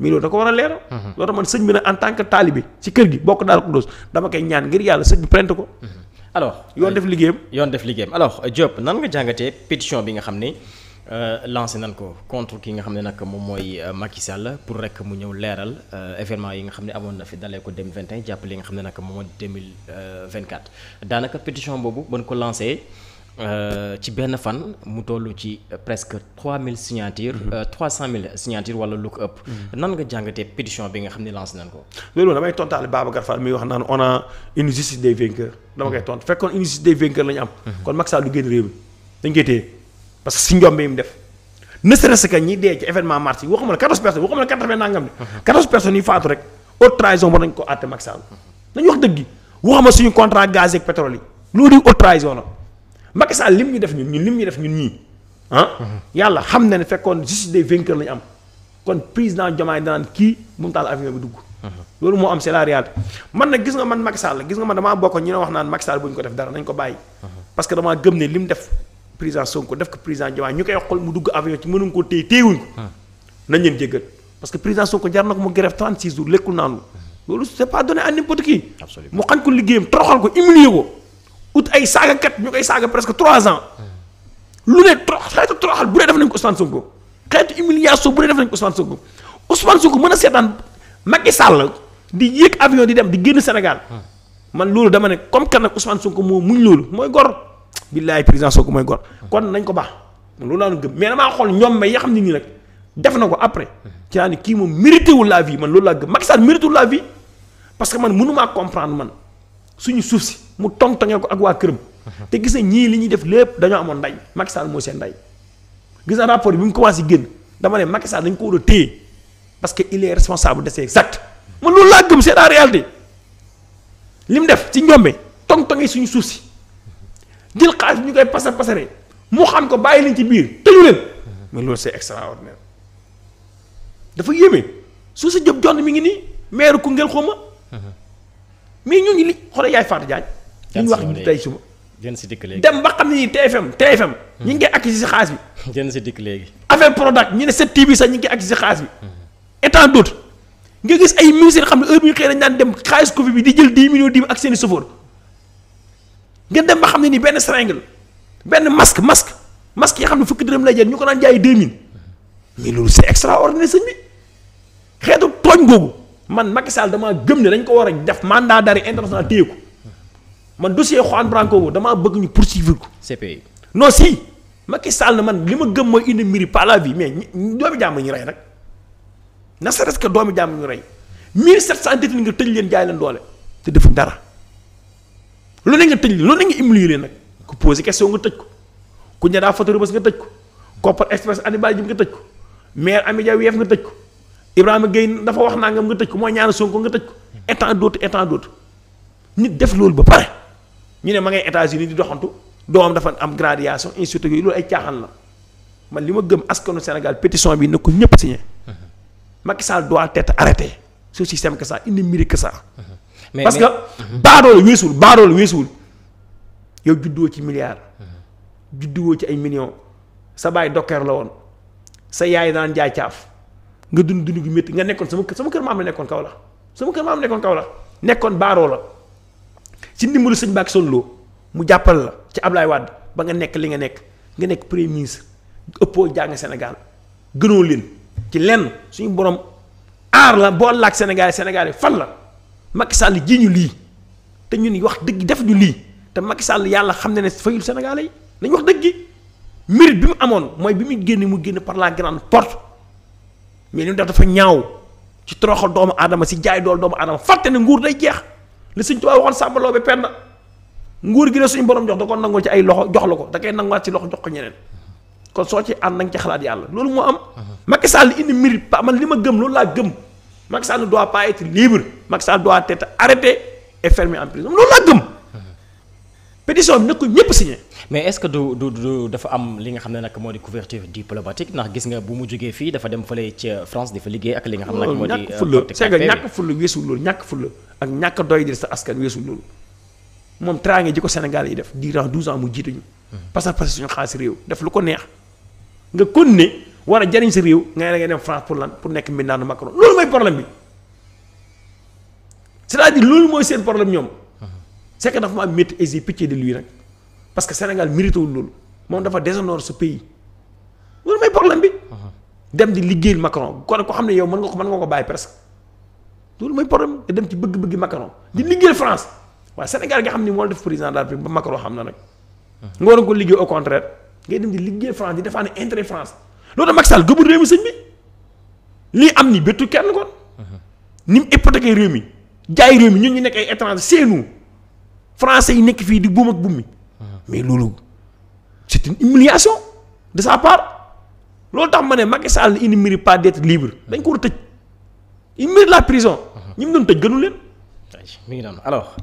mais da ko war a leeral. Mhm. loolu tax man sëñ bi nag en tant que taalibe ci kër gi bokk daal ko dos dama koy ñaan ngir yàlla sëñ bi prente ko. Mhm. alors yoon def euh, liggéeyam. yoon def liggéeyam alors euh, Diop nan nga jàngatee pétition bi nga xam ne euh, lancé nan ko contre ki nga xam ne nag moom mooy Macky Sall pour rek mu ñëw leeral événement yi nga xam ne amoon na fi dalee ko 2021 jàppale li nga xam ne nag moom mooy 2024 daanaka pétition boobu ban ko lancé. Euh, ci benn fan mu toll ci euh, presque trois mille signatures mhm. euh, trois cent mille mhm. nan nga jàngatee pétition bi nga xam ne lancé nañ ko. loolu damay tontaale Babacar Fall mi wax naan on a une justice dama koy mhm. tont fekkoon une justice des vainqueurs la ñu am. kon Macky Sall du génn réew mi dañ koy téye parce que si njombe yi mu def. ne ñi dee ci événement mars yi la quatorze personnes waxuma la quatorze personnes yi faatu rek haute trahison Macky Sall lim ñu def ñun ñun def ñun ñii ah. yàlla xam ne ne fekkoon justice des vainqueurs la ñu am kon président Diomaye danaan kii mu daal avion bi dugg. loolu moo am c'est la réalité man nag gis nga man Macky Sall gis nga man damaa bokk ñu ne wax naan Macky Sall bu ñu ko def dara nañ ko bàyyi. parce que damaa gëm ne lim def président Sonko def ko président Diomaye ñu koy xool mu dugg avion ci mënuñ ko téye téyewuñ ko. nañ leen jéggal parce que président Sonko jar na ko mu grève 36 jours lekkul naanu loolu c'est ut ay saagakat ñu koy saaga presque trois ans lu ne trop xeetu toroxal bu dee def nañ ko Ousmane Sonko xeetu humiliation bu ko mën a seetaan Macky di yéeg avion di dem di génn Sénégal man loolu dama ne comme kan nag Ousmane Sonko moo muñ loolu mooy gor billaay président Sonko mooy gor kon nañ ko baax loolu laa gëm mais damaa xool ñoom mais ya xam ne nii nag def na ko après ci naa ne kii moom mérité wul vie man loolu laa gëm Macky Sall suñu suuf si mu tontoñee ko ak waa këram. te gis na ñii li ñuy def lépp dañoo amoon nday Macky Sall mooy seen nday gis na rapport bi mu commencé génn dama ne Macky dañ ko war a téye parce que il est responsable de ses exact man loolu laa gëm c'est la réalité li mu def ci njombe tong-tonge suñu suuf si jël xaalis bi ñu koy pasar pasare moo xam ko bàyyi leen ci biir tëju leen mais loolu c'est extraordinaire dafa yéeme su sa jëb jonn mi ngi nii maire Koungheul xaw ma uh-huh. mais ñooñu li xoolal yaay Fatou Diagne. li ñu wax tey suba. jën si dikk léegi dem ba xam ne nii TFM TFM. Hmm. ñu ngi koy acquis si xaalis bi. jën si dikk léegi. affaire Prodac ñu ne 7TV sax ñu ngi koy acquis si xaalis hmm. nga gis ay ministres xam ne heure ñu xëy dañ daan dem xaalis Covid bi di jël 10 millions di ak seen i sëfoor dem ba xam ne nii benn seringue benn masque masque masque yi xam ne fukki dërëm lay jël ñu ko daan jaayee 2000 hmm. mais loolu c'est extraordinaire bi xeetu tooñ googu. man Macky Sall damaa gëm ne dañ ko war a def mandaa d'arrêt international téye ko man dossier Juan Branco boobu damaa bëgg ñu poursuivre ko. CPI non si Macky Sall na man li ma gëm mooy indi miri par la vie mais doomi jàmm ñu rey nag na sa que doomi jàmm ñu rey 1700 détenus nga tëj leen jaay leen doole te defu dara lu ne nga tëj lu ne nga humilier nag ku kes question nga tëj ko ku ña daa photo Rebeuss nga tëj ko Kopar Express Hannibal Djim nga tëj ko maire Amidia Wef nga tëj ko. Ibrahima Gueye dafa wax nangam nga tëj ko mooy ñaana Sonko nga tëj ko et tant d'autres et tant nit def loolu ba pare ñu ne ma ngay États-Unis di doxantu doomam dafa am gradation institut yooyu loolu ay caaxaan la man li ma gëm askanu Sénégal pétition bi na ko ñëpp si Macky Sall doit être arrêté ce système que ça il ne mérite que ça. mais parce que baadoolu weesuwul baadoolu weesuwul yow juddoo ci milliards. juddoo ci ay millions sa baay docker la woon sa yaay daan nga dund dund gu métti nga nekkoon sama sama kër maam la nekkoon kaw la sama kër maam nekkoon kaw la nekkoon baaroo la ci ndimbalu sëñ Mbacke Sow loo mu jàppale la ci Ablaye wàdd ba nga nekk li nga nekk nga nekk premier ministre ëppoo jàng senegal gënoo leen ci lenn suñu borom aar la boo laak senegal Sénégal fan la Macky sàll ji ñu lii te ñun wax dëgg def ñu lii te Macky sàll yàlla xam ne ne fayul senegal yi nañ wax dëgg gi mérite bi mu amoon mooy bi muy génne mu génn par la grande porte. mais li mu def dafa ñaaw ci toroxal doomu aadama si jaay dool doomu aadama fàtte ne nguur day jeex li suñ tubaab waxoon Samba pen na nguur gi la suñu borom jox da ko nangoo ci ay loxo jox la ko dangay koy nanguwaat ci loxo jox ko ñeneen kon soo ci ànd nañ ci xalaat yàlla loolu moo am. Macky Sall indi mérite pa man li ma gëm loolu laa gëm Macky Sall ne doit pas être libre Macky Sall doit être arrêté et fermé en prison loolu laa gëm. pétition bi nag ko ñëpp signé. mais est-ce que du du du dafa am li nga xam ne nag moo di couverture diplomatique ndax gis nga bu mu jógee fii dafa dem fële ci France di fa liggéey ak li nga xam nag moo di. ñàkk euh, fulla c'est que ñàkk fulla weesul loolu ñàkk ji ko Sénégal yi def durant 12 ans mu jiitu ñu. parce que parce que suñu réew def lu ko neex nga kon war a jariñ sa réew nga ne nga dem France pour lan pour nekk mbindaanu Macron loolu mooy problème bi cest à loolu mooy seen problème ñoom. c'est que dafa ma am métti et pitié de lui nag parce que Sénégal méritéwul loolu moom dafa déshonorer ce pays loolu mooy problème bi. dem di liggéeyal Macron kon ko xam ne yow mën nga ko mën nga ko bàyyi presque loolu mooy problème te dem ci bëgg-bëggi Macron di liggéeyal France waaye Sénégal nga xam ni moo def président de la République ba Macron xam na nag. nga waroon ko liggéey au contraire ngay dem di liggéeyal France di defaan intérêt France loolu Macky Sall gëmul am ni bettu kenn kon. ni mu hypothéqué réew mi jaay réew mi ñun nekk ay étranger français yi nekk fii di buum ak bummi mais loolu c'est une humiliation de sa part loolu tax ma ne Macky Sall il ne mérite pas d'être libre dañ ko war a tëj il la prison. ñi mu doon tëj gënu leen. mi ngi noonu alors.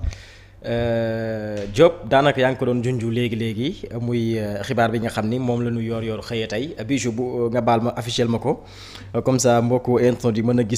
Euh, Diop daanaka yaa ngi ko doon junju léegi léegi muy euh, xibaar bi nga xam ni moom la ñu yoor yor xëyee tey bijou bu nga baal ma officiel ma ko comme ça mbokku internet yi mën a gis